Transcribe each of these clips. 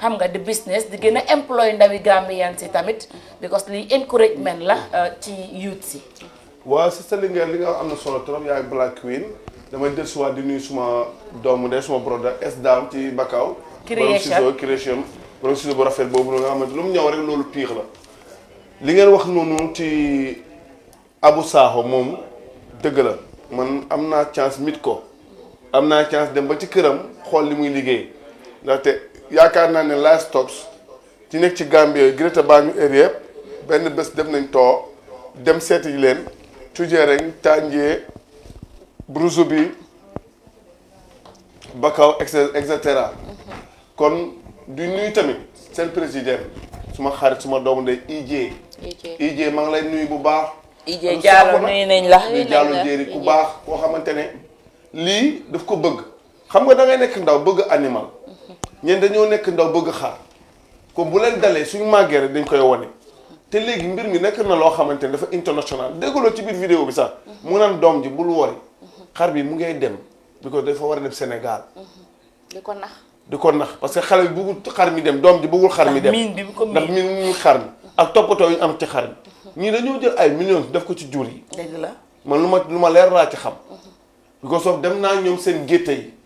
xam nga di business di gën a employ ndawi Gambian si tamit because li encouragement la uh, ci youth si waaw si Linguère li nga wax am na solo trop yaay Black Queen damay dellusiwaat di nuyu suma doomu de suma broda es daam ci Bakau borom ciseau création borom ciseau bu rafet boobu nga xamante lu mu ñëw rek loolu piix la li ngeen wax noonu ci Abu Saaxo moom dëgg la man am naa chance mit ko am naa chance dem ba ci këram xool li muy liggéey yaakaar naa ne livestock ci nekk ci Gambie Greater Banjul area benn bés dem nañ too dem seeti leen Tujereng Tanjee Brusubi Bakaw et cetera kon du nuyu tamit seen président suma xarit su ma ndey IJ. IJ maa ngi lay nuyu bu baax. IJ Diallo nuyu nañ la nuyu Diallo jéeri ku baax koo xamante ne lii daf ko bëgg xam nga da nekk ndaw bëgg animal. ñeen dañoo nekk ndaw bëgg xaar comme bu leen dalee suñu màggee rek dañ koy wane te léegi mbir mi nekk na loo xamante ne dafa international déggaloo ci biir vidéo bi sax mu naan doom ji bul wori xar bi mu ngay dem bi ko dafa war a dem Sénégal di ko nax di parce que xale bi bëggul xar mi dem doom ji bëggul xar mi dem ndax miin ñuy xar mi ak toppatoo yu am ci xar mi ñii dañoo jël ay millions def ko ci jur yi la man lu ma lu ma leer laa ci xam bi ko soof dem naa ñoom seen gétte yi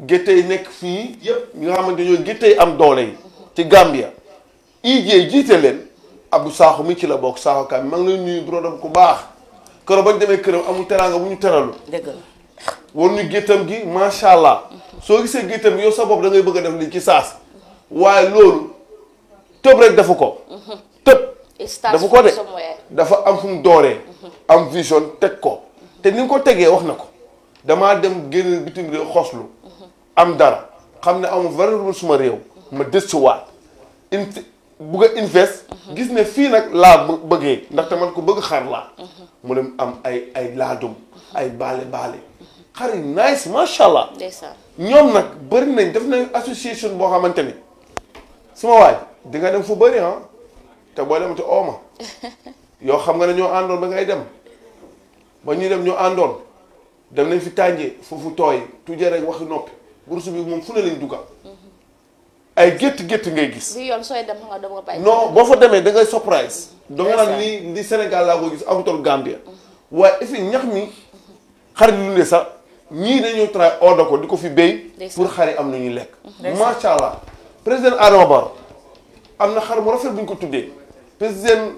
gétte yi nekk fii yëpp ñi nga xamante ñooy gétte yi am doole yi ci Gambia IJ jiite leen abu saaxu mi ci la bokk Sakho Kam maa ngi lay bu brodom ku baax keroog bañ demee këram amul teraanga bu ñu teralu dëgg la war ñu géttam gi macha allah soo gisee géttam yow sa bopp da ngay bëgg a def lii ci saas waaye loolu tëb rek dafa ko tëb dafa ko de dafa am fu mu dooree am vision teg ko te ni ko tegee wax na ko damaa dem génn bitim réew xoslu am dara xamne amu valeur vraiment suma rew ma wat inte bu a invest gis ne fii nag laa bëggee ndaxte man ko beug xar la mu dem am ay ay ladum ay balé balé xar nice ma sha allah ñom nak bari nañ def nañ association bo xamanteni suma waay di nga dem fu bari ah te bo dem te oma yo xam nga ñoo andol ba ngay dem ba ñu dem ñoo andol dem nañ fi tanjé fofu toy tujee rek waxi nopi bourse bi moom fu ne lañ dugal. ay gétt gétt ngay gis. bi yoon sooy dem nga dama bàyyi. boo fa demee dangay ngay surprise. Mm-hmm. danga naan ni li Sénégal laa ko gis amatul Gambia. Mm-hmm. waaye effet ñax mi xar ñu dundee sax ñii dañoo tray ooda ko di ko fi béy. pour xar am na ñuy lekk. Mm-hmm. macha allah président Adama Barrow am na xar mu rafet buñ ko tuddee président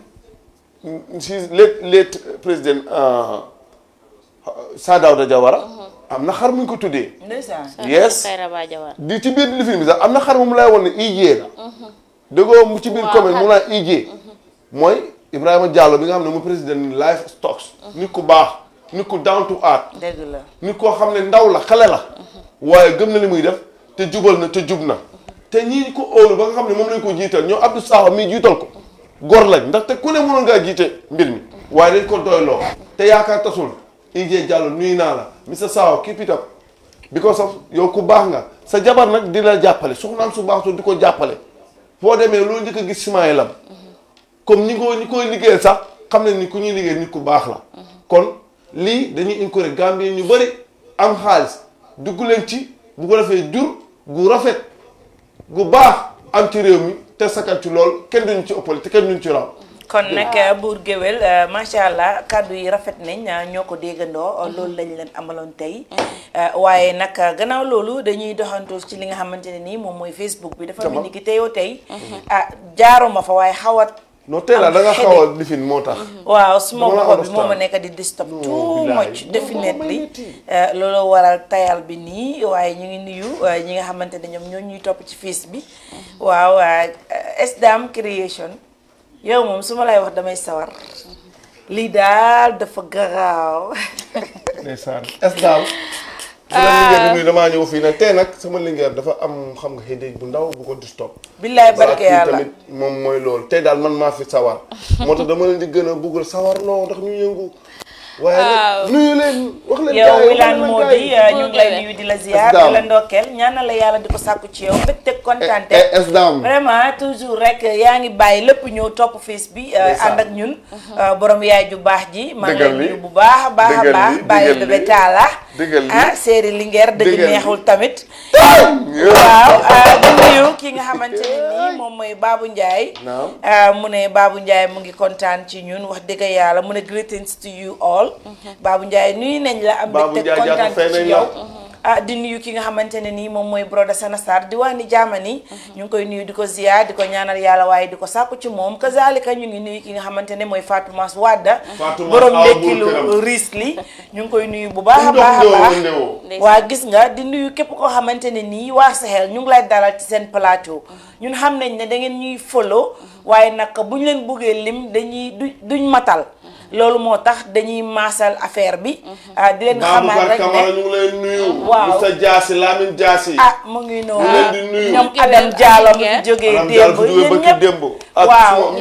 si le le président. Euh, Saa Daawda Jawara. am na xar muñ ko tuddee. ndeysaan yes di ci biir lifin bi sax am na xar mu lay won ne Ijee la. Uh-huh. dëggoo mu ci biir commune mu naan Ijee. Uh-huh. mooy Ibrahima Diallo bi nga xam ne mu président ni life stocks. Uh-huh. nit ku baax nit ku down to earth. la nit koo xam ne ndaw la xale la. waaye gëm na li muy def te jubal na te jub na. te ñii ko óolu ba nga xam ne moom lañ ko jiital ñoo Abdou Sakho mii jiital ko. gor lañ ndaxte ku ne mënoon ngaa mbir mi. waaye dañ ko doyloo. te yaakaar tasul. IJ Diallo nuyu naa la Mr Sow keep it up because of yow ku baax nga sa jabar nag di la jàppale soxnaam su baax di ko jàppale boo demee loolu njëkk gis gis Simaaylam comme ñi ko ñi koy liggéeyal sax xam ne ni ku ñuy liggéey nit ku baax la kon lii dañuy encourage Gambien ñu bëri am xaalis dugg leen ci bu ko defee jur gu rafet gu baax am ci réew mi te sakkan ci lool kenn duñu ci ëppale te kenn duñu ci raw kon nag uh, buur géwél uh, macha allah kàddu yi rafet nañ uh, ñoo ko déggandoo loolu mm-hmm. lañ leen amaloon tey mm-hmm. waaye nag gannaaw loolu dañuy doxantu ci li nga xamante ne nii moom mooy Facebook bi dafa mel ni ki teyoo tey ah jaaruma fa waaye xawat non tey la da nga xaw a lifin moo tax. waaw su ko bi moo ma nekk di disturb too much definitely loolu waral tayal bi nii waaye ñu ngi nuyu ñi nga xamante ne ñoom ñoo ñuy topp ci face bi. waaw Sdam Creation. yow moom su ma lay wax damay sawar lii daal dafa garaaw. ndeysaan es daal. ah bu damaa ñëw fii nag tey nag sama lingeer dafa am xam nga xëy bu ndaw bu ko distop. billaay barke yàlla moom mooy loolu tey daal man maa fi sawar. moo tax dama leen gën a buggal sawar ndax ñu yëngu. waaye nuyu leen wax leen yow Wilane moo di ñu ngi lay nuyu di la ziar di la ndokkeel ñaanal la yàlla di ko sàkku ci yow mbégte kontaante eh, eh, vraiment toujours rek yaa ngi bàyyi lépp ñëw topp fees bi euh, ànd ak ñun mhm. euh, borom yaay ju baax ji maa ngi lay bu baax a baax a baax bàyyi bébé taala ah séeri lingeer dëgg neexul tamit waaw di euh, nuyu ki nga xamante moom mooy Babou Ndiaye. Ah, mu ne baabu Ndiaye mu ngi kontaan ci ñun wax dëgg yàlla mu ne greetings to you all. Mhm. Babou Ndiaye nuyu nañ la. am mbégte kontaan ci yow mhm. ah di nuyu ki nga xamante ne nii moom mooy broda Sanasar di waa ni jaamani mhm. ñu ngi koy nuyu di ko ziyaar di ko ñaanal yàlla waaye di ko sàkku ci moom kazalika ñu ngi nuyu ki nga xamante ne mooy Fatuma Wadda mhm. borom ndekkilu riis li ñu ngi koy nuyu bu baax a waa gis nga di nuyu képp koo xamante ne nii waa Sahel ñu ngi lay dalal ci seen plateau mhm. ñun xam nañ ne da ngeen ñuy follow waaye nag bu ñu leen buggee lim dañuy duñ matal loolu moo tax dañuy maasal affaire bi. Mhm. Ah, di leen xamal rek ne ñu ngi leen nuyu. waaw Moussa Diassi Lamine Diassi. ah mu ngi noonu ñoom Adam Diallo mi jógee démb ñun ñëpp waaw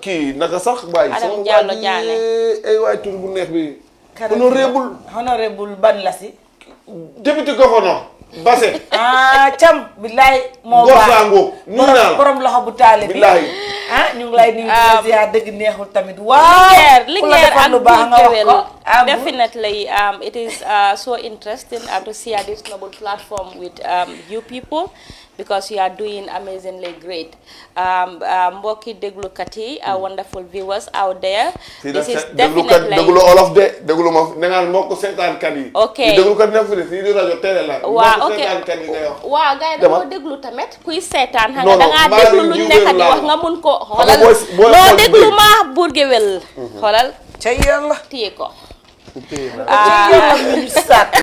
kii naka sax bàyyi. Adam Diallo Diallo ay waay tur bu neex bi. honorable honorable ban la si. député Goxono. Basse. ah Thiam. moo baax borom loxo bu taale bi billaay. ah ñu ngi lay nuyu di la ah, dëgg neexul tamit. waaw Linguère ak Buur Gueweul definitely um, it is uh, so interesting to see a this noble platform with um, you people. because you are doing amazingly great um, uh, mbokki déglukat yi our hmm. wonderful viewers out there this is definitely déglu olof de déglu ma ne ngaan moo ko seetaankat yi ok déglukat nekk fi ne fii di rajo télé la waaw ok waaw gars dama déglu tamit kuy seetaan xam nga déglu luñ nekk di wax nga mun ko xoolal loo déglu ma buur mhm. xoolal ca yàlla téye ko ah